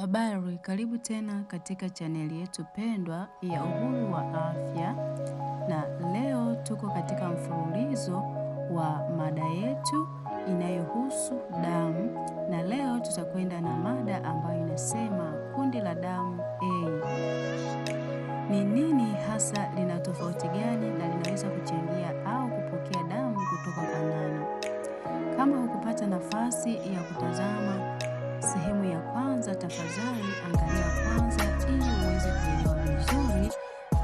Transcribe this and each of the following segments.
Habari, karibu tena katika chaneli yetu pendwa ya Uhuru wa Afya, na leo tuko katika mfululizo wa mada yetu inayohusu damu, na leo tutakwenda na mada ambayo inasema kundi la damu A. Ni nini hasa lina tafadhali angalia kwanza ili uweze kuelewa vizuri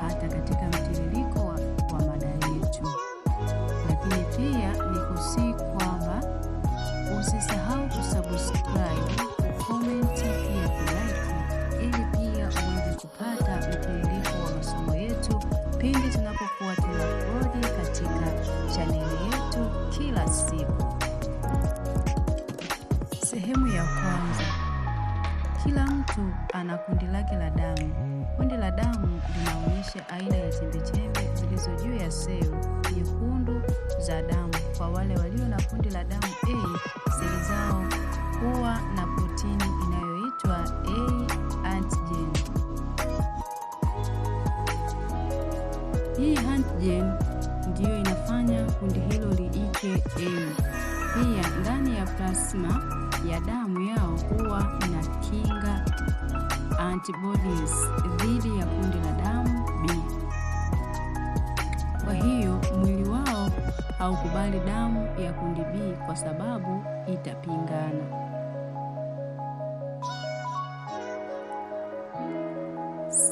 hata katika mtiririko wa, wa mada yetu. Lakini pia ni kusii kwamba usisahau kusubscribe, kukomenti, pia kulike ili pia uweze kupata mtiririko wa masomo yetu pindi tunapokuwa tena kodi katika chaneli yetu kila siku sehemu kila mtu ana kundi lake la damu. Kundi la damu linaonyesha aina ya chembechembe zilizo juu ya seli nyekundu za damu. Kwa wale walio na kundi la damu A, seli zao huwa na protini inayoitwa A antigen. Hii antigen ndiyo inafanya kundi hilo liike A. Pia ndani ya plasma ya damu yao huwa ina kinga antibodies dhidi ya kundi la damu B. Kwa hiyo mwili wao haukubali damu ya kundi B kwa sababu itapingana.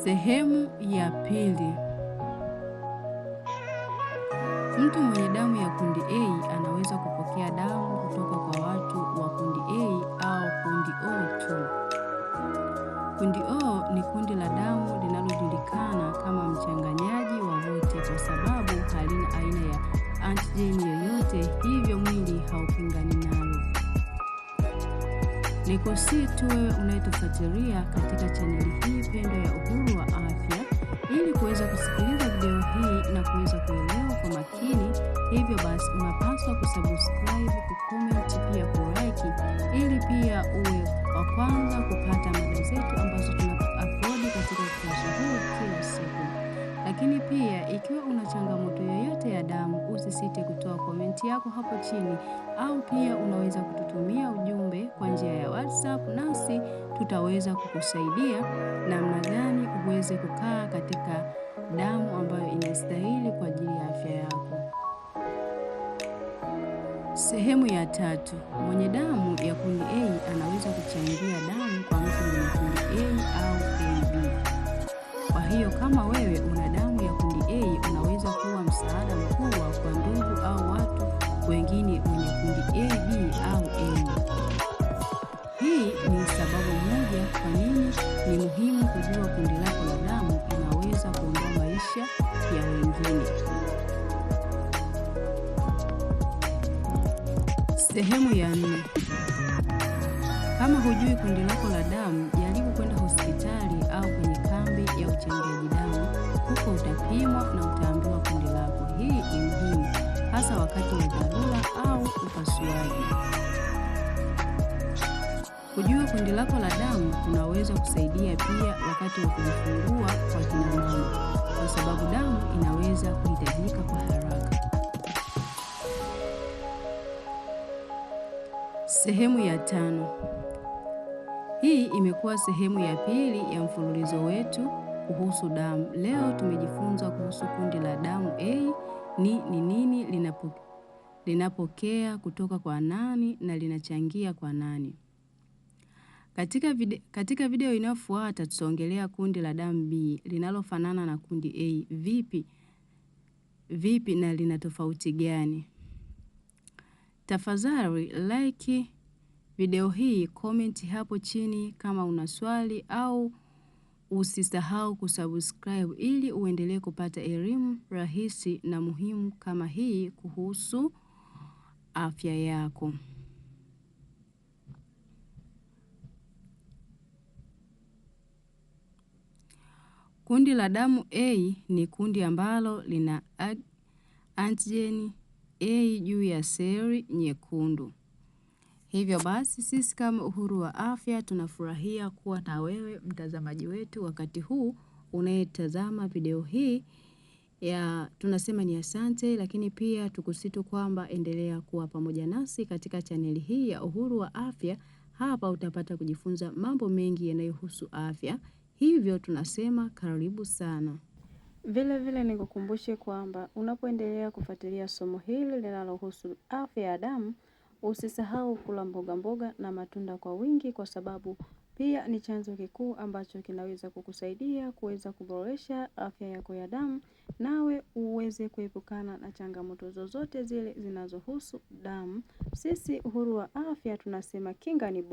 Sehemu ya pili. Mtu mwenye damu ya kundi A anaweza kupokea damu kutoka kwa watu wa kundi A jeni yoyote, hivyo mwili haupingani nalo. nikosi tu wewe unayetufuatilia katika chaneli hii pendo ya Uhuru wa Afya, ili kuweza kusikiliza video hii na kuweza kuelewa kwa makini. Hivyo basi, unapaswa kusubscribe, kucomment, pia kulike, ili pia uwe wa kwanza kupata mada zetu ambazo tuna Lakini pia ikiwa una changamoto yoyote ya damu, usisite kutoa komenti yako hapo chini, au pia unaweza kututumia ujumbe kwa njia ya WhatsApp, nasi tutaweza kukusaidia namna gani uweze kukaa katika damu ambayo inastahili kwa ajili ya afya yako. Sehemu ya tatu, mwenye damu ya kundi A anaweza kuchangia damu kwa mtu mwenye kundi A au AB. Kwa hiyo kama wewe una Hii ni sababu moja kwa nini ni muhimu kujua kundi lako la damu inaweza kuondoa maisha ya wengine. Sehemu ya nne. Kama hujui kundi lako la damu, jaribu kwenda hospitali au kwenye kambi ya uchangiaji damu. Huko utapimwa na utaambiwa kundi lako. Hii ni muhimu hasa wakati wa dharura au upasuaji. Kujua kundi lako la damu kunaweza kusaidia pia wakati wa kujifungua kwa kina mama, kwa sababu damu inaweza kuhitajika kwa haraka. Sehemu ya tano. Hii imekuwa sehemu ya pili ya mfululizo wetu kuhusu damu. Leo tumejifunza kuhusu kundi la damu A ni ni nini, linapo, linapokea kutoka kwa nani na linachangia kwa nani. Katika video, katika video inayofuata tutaongelea kundi la damu B linalofanana na kundi A vipi, vipi na lina tofauti gani? Tafadhali like video hii, comment hapo chini kama una swali au usisahau kusubscribe ili uendelee kupata elimu rahisi na muhimu kama hii kuhusu afya yako. Kundi la damu A ni kundi ambalo lina antijeni A juu ya seli nyekundu. Hivyo basi sisi kama Uhuru wa Afya tunafurahia kuwa na wewe mtazamaji wetu wakati huu unayetazama video hii ya tunasema ni asante, lakini pia tukusitu kwamba endelea kuwa pamoja nasi katika chaneli hii ya Uhuru wa Afya. Hapa utapata kujifunza mambo mengi yanayohusu afya. Hivyo tunasema karibu sana. Vile vile nikukumbushe kwamba unapoendelea kufuatilia somo hili linalohusu afya ya damu, usisahau kula mboga mboga na matunda kwa wingi, kwa sababu pia ni chanzo kikuu ambacho kinaweza kukusaidia kuweza kuboresha afya yako ya damu, nawe uweze kuepukana na changamoto zozote zile zinazohusu damu. Sisi Uhuru wa Afya tunasema kinga ni